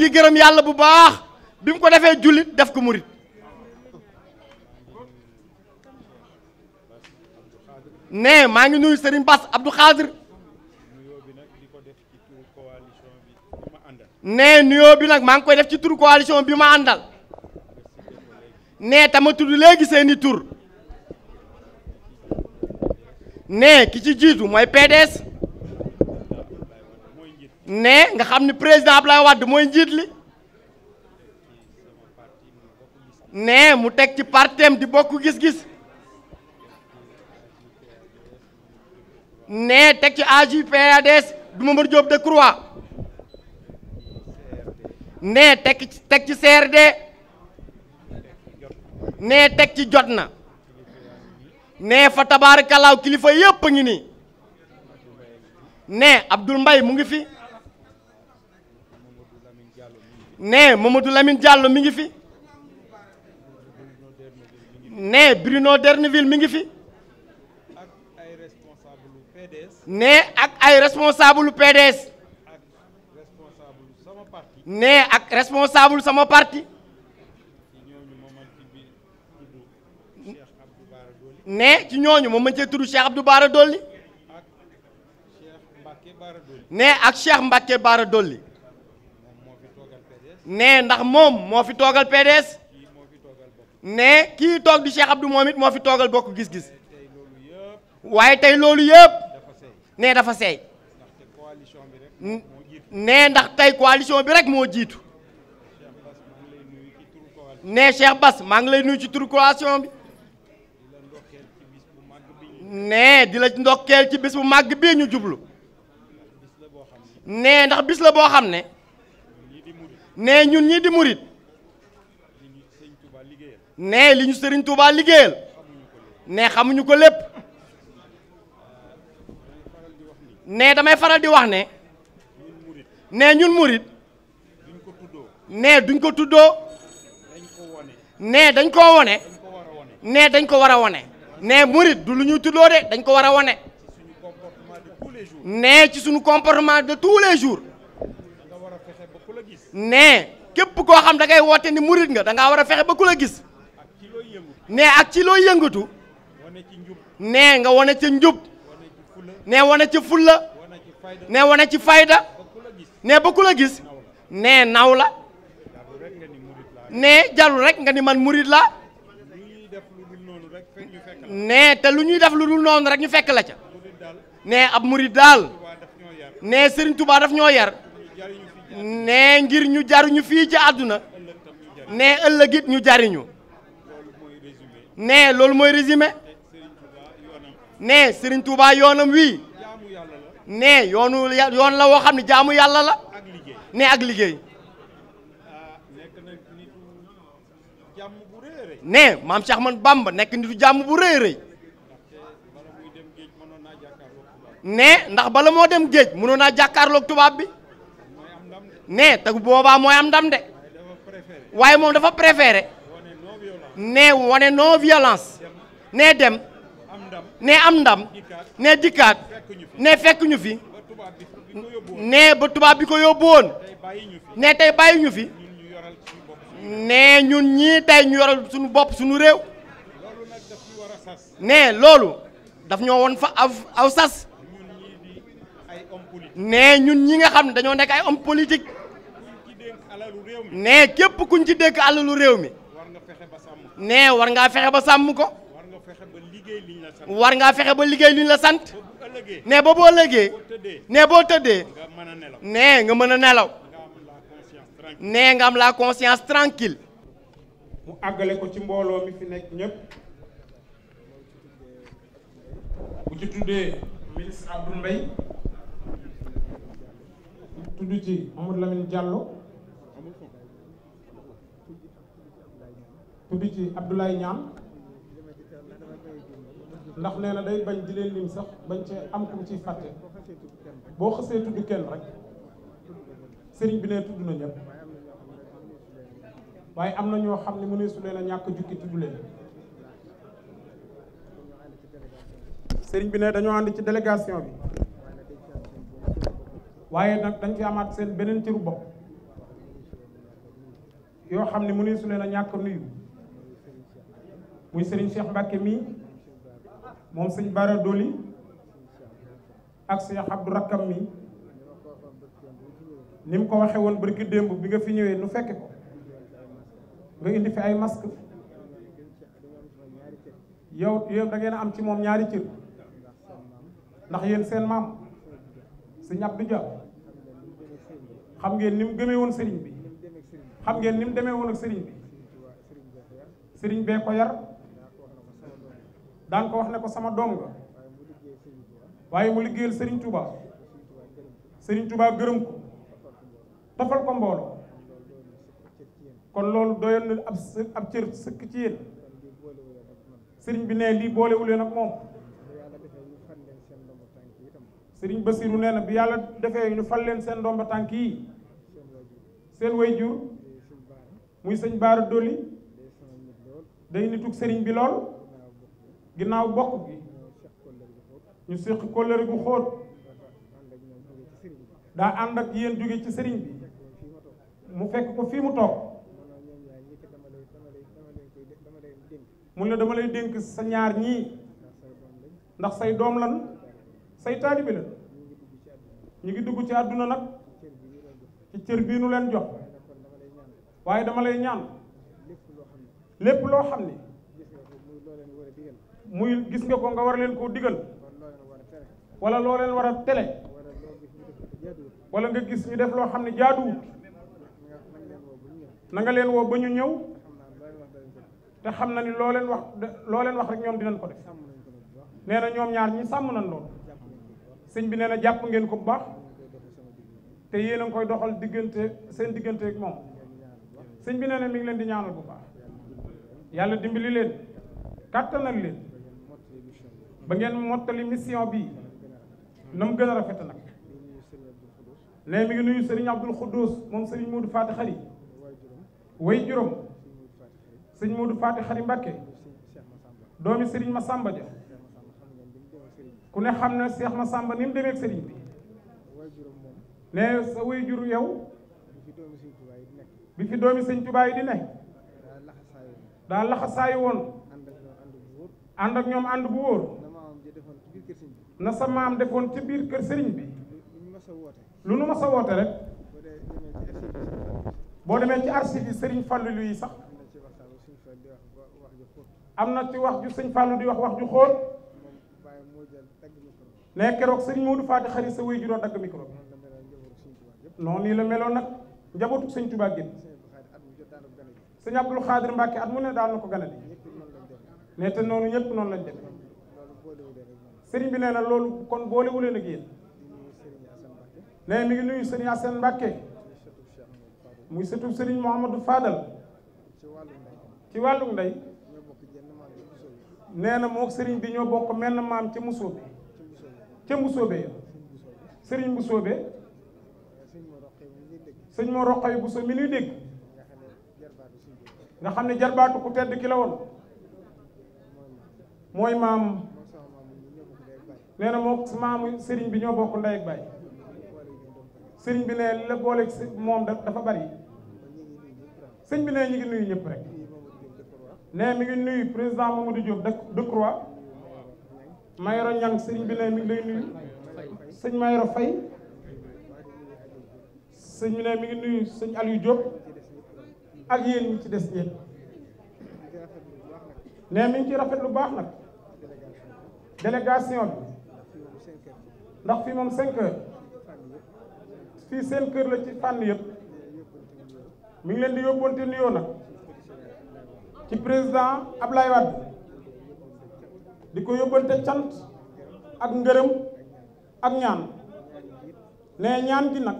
ngi gërëm yàlla bu baax bi mu ko defee jullit def ko murit ne maa ngi nuyu Serigne Bass Abdou Khadir ne nuyoo bi nag maa ngi koy def ci tur coalition bi ma àndal ne tama tudd léegi seeni tur ne ki ci jiitu mooy PDS ne nga xam ni président Ablaye Wade mooy njiit li mu teg ci partem di bokk gis-gis ne teg ci AJ/PADS du Mamadou Diop Decroix ne teg ci teg ci CRD ne teg ci jot na ne fa tabaar kalaaw kilifa yépp a ngi nii ne Abdoul mbay mu ngi fi ne Mamadou Lamine jàll mi ngi fi ne Bruno Derneville mi ngi fi ne ak ay responsable PDS ne ak responsable sama parti ne ci ñooñu moom mën cee tudd Cheikh Abdou Bara Dolli ne ak Cheikh Mbacké Bara Dolli ne ndax moom moo fi toogal PDS ne kii toog di Cheikh Abdou moom it moo fi toogal bokk gis-gis waaye tey loolu yëpp ne dafa seey ne ndax tey coalition bi rek moo jiitu ne Cheikh Bass maa ngi lay nuyu ci turu coalition bi ne di la ndokkeel ci bis bu màgg bii ñu jublu ne ndax bis la boo xam ne nee ñun ñi di murit nee li ñu sëriñ Touba liggéeyal nee xamuñu ko lépp nee damay faral di wax ne nee ñun murit nee duñ ko tuddoo nee dañ koo wone nee dañ ko war a wone nee murit du lu ñuy tuddoo de dañ ko war a wone nee ci suñu comportement de tous les jours ne képp koo xam da ngay woote ni murit nga da ngaa war a fexe ba ku la gis ne ak ci loo yëngatu ne nga wane ca njub ne wane ca fulla ne wane ci fayda ne ba ku gis ne naw la ne jarul rek nga ni man murit la ne te lu ñuy def lu dul noonu rek ñu fekk la ca ne ab murit daal ne Serigne Touba daf ñoo yar nee ngir ñu jariñu fii ci àdduna nee ëllëg ñu jariñu nee loolu mooy résumé nee Serigne Touba yoonam wii nee yoonu yoon la woo xam ne jaamu yàlla la nee ak liggéey nee maam Cheikh man Bamba nekk nitu jàmm bu rëy rëy nee ndax bala moo dem géej mënoon naa jàkkaarloog tubaab bi. ne te boobaa mooy am ndam de waaye moom dafa préféré ne wone non violence ne dem ne am ndam ne dikkaat ne fekk ñu fi ne ba tubaab bi ko yóbbu woon ne tey bàyyi ñu fi ne ñun ñii tey ñu yoral suñu bopp suñu réew ne loolu daf ñoo woon fa aw aw sas ne ñun ñi nga xam ne dañoo nekk ay homme politique nee képp ku kuñ ci dénk alalu réew mi nee war ngaa fexe ba sàmm ko war ngaa fexe ba liggéey liñ la sant nee ba boo lëggee nee boo tëddee nee nga mën a nelaw nee nga am la conscience tranquille mu àggale ko ci mbooloo mi fi nekk ñépp bu ci tuddee ministre Abdou Mbaye tudd ci Mamadou Lamine Diallo tudd ci Abdoulaye Niang ndax nee na day bañ di leen lim sax bañ cee am kum ciy fàtte boo xësee tudd kenn rek sëriñ bi ne tudd na ñëpp waaye am na ñoo xam ne mu ne su na ñàkk jukki tudd leen sëriñ bi ne dañoo ànd ci délégation bi waaye nag dañ ci amaat seen beneen cëru bopp yoo xam ne mu ne su leen a ñàkk nuyu muy Serigne Cheikh Mbacke mii moom sëñ Bara Doli ak Cheikh Abdou Rakkam mii ni mu ko waxee woon barki démb bi nga fi ñëwee nu fekke ko nga indi fi ay masque yow yow da ngeen a am ci moom ñaari cër ndax yéen seen maam sëñ Abdou Dia xam ngeen ni mu gëmee woon sëriñ bi xam ngeen ni mu demee woon ak sëriñ bi sëriñ bee ko yar daan ko wax ne ko sama doom nga waaye mu liggéeyal sëriñ Touba Serigne Touba gërëm ko tofal ko mbooloo kon loolu doyoon na ab ab cër sëkk ci yéen Serigne bi ne lii boolewuleen ak moom Serigne Bassirou nee na bi yàlla defee ñu fal leen seen ba tànk yi seen wayjur muy sëñ Baara Doli day nitug Serigne bi lool. ginnaaw bokk gi ñu séq kóllëre gu xóot daa ànd ak yéen jóge ci sëriñ bi mu fekk ko fii mu toog mu ne dama lay dénk sa ñaar ñii ndax say doom lan say taalibe lan ñu ngi dugg ci àdduna nag ci cër bii nu leen jox waaye dama lay ñaan lépp loo xam ne muy gis nga ko nga war leen koo digal wala loo leen war a tele wala nga gis ñu def loo xam ne jaaduwut na nga leen woo ba ñu ñëw te xam na ni loo leen wax loo leen wax rek ñoom di dinañ ko def nee na ñoom ñaar ñi sàmm nañ loolu sëñ bi nee na jàpp ngeen ko bu baax te yéen a ngi koy doxal diggante seen diggante ak moom sëñ bi nee na mi ngi leen di ñaanal bu baax yàlla dimbali leen kàttanal leen ba ngeen mottali mission bi na gën a rafet nag ne mi ngi nuyu sëriñ Abdul Xuddus moom sëriñ Moodu Faati Xari way juróom sëriñ Moodu Faati Xari Mbàkke doomi sëriñ Masamba ja ku ne xam ne Seex Masamba ni mu demee ak sëriñ bi ne sa way jur yow bi fi doomi sëñ Tuubaa yi di ne daa laxasaayu woon ànd ak ñoom ànd bu wóor na sa maam defoon ci biir kër sëriñ bi lu nu mas a woote rek boo demee ci archive yi sëriñ Fallou yi sax am na ci wax ju sëñ Fallou di wax wax ju xóot ne keroog sëriñ Modou Faty Khary sa wéy ju doon dagg micro bi noonu nii la meloon nag njabootu sëñ Touba génn sëñ Abdou Khadir Mbacke at mu ne daal na ko gane di ne te noonu ñëpp noonu lañ def sëriñ bi nee na loolu kon boolewu leen ak yéen nee mi ngi nuyu sëriñ Assane Mbacke muy sëtub sëriñ Mouhamadou Fadal ci wàllu ndey nee na moo sëriñ bi ñoo bokk menn maam ca Musoobe ca Musoobe ya sëriñ Musoobe sëñ moo roqo yi bu so mi nuy dégg nga xam ne jarbaatu ku tedd ki la woon mooy maam nee na moo maamu sëriñ bi ñoo bokk ndey ak baay sëriñ bi ne la boole moom dafa bari sëriñ bi ne ñu ngi nuyu ñëpp rek ne mi ngi nuyu président Mamadou Diop Decroix Mayoro Niang sëriñ bi ne mi ngi lay sëñ Mayoro Faye sëñ bi ne mi ngi nuyu sëñ Aliou Diop ak yéen ñi ci des ñëpp ne mi ngi ci rafet lu baax nag délégation bi ndax fii moom cinq heures fii seen kër la ci fànn yëpp mi ngi leen di yóbbante nuyoo nag ci président Ablaye Wade di ko yóbbante cant ak ngërëm ak ñaan ne ñaan gi nag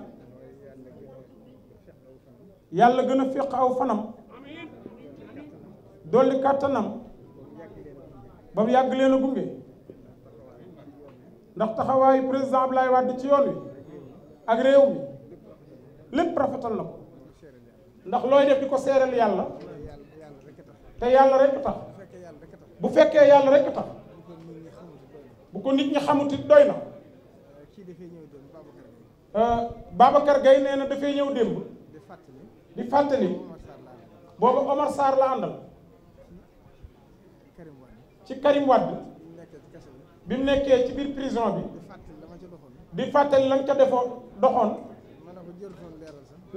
yàlla gën a aw fanam dolli kàttanam ba mu yàgg leen a gunge ndax taxawaayu président Abdoulaye Wade ci yoon wi ak réew mi lépp rafetal na ko ndax looy def di ko seereel yàlla te yàlla rek tax bu fekkee yàlla rek tax bu ko nit ñi xamut it doy na euh, Babacar Gaye nee na dafay ñëw démb di fàttali boobu Omar Sarr la àndal ci Karim Wade bi mu nekkee ci biir prison bi di fàttali la nga ca defoon doxoon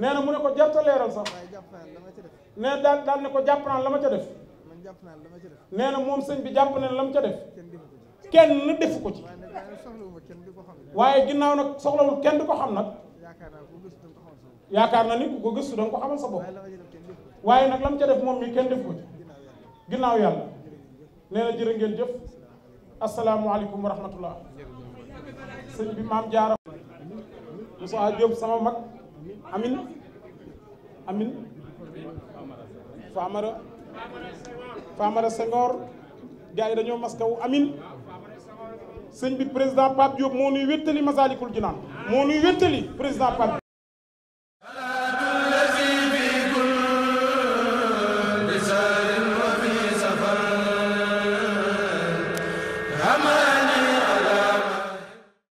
nee na mu ne ko jarta leeral sax nee daal daal ne ko jàpp naa la ma ca def nee na moom sëñ bi jàpp na la ma ca def kenn defu ko ci waaye ginnaaw nag soxlawul kenn du ko xam nag yaakaar na ni ku ko gëstu danga ko xamal sa bopp waaye nag la mu ca def moom mi kenn defu ko ci ginnaaw yàlla nee na jërë ngeen jëf asalaamualeykum wa rahmatullah sëñ bi maam jaara Moussa Diop sama mag amin amin Famara Famara Senghor gars yi dañoo maskaw amin sëñ bi président Pape Diop moo nuy wéttali Masalikul Jinaan moo nuy wéttali président Pape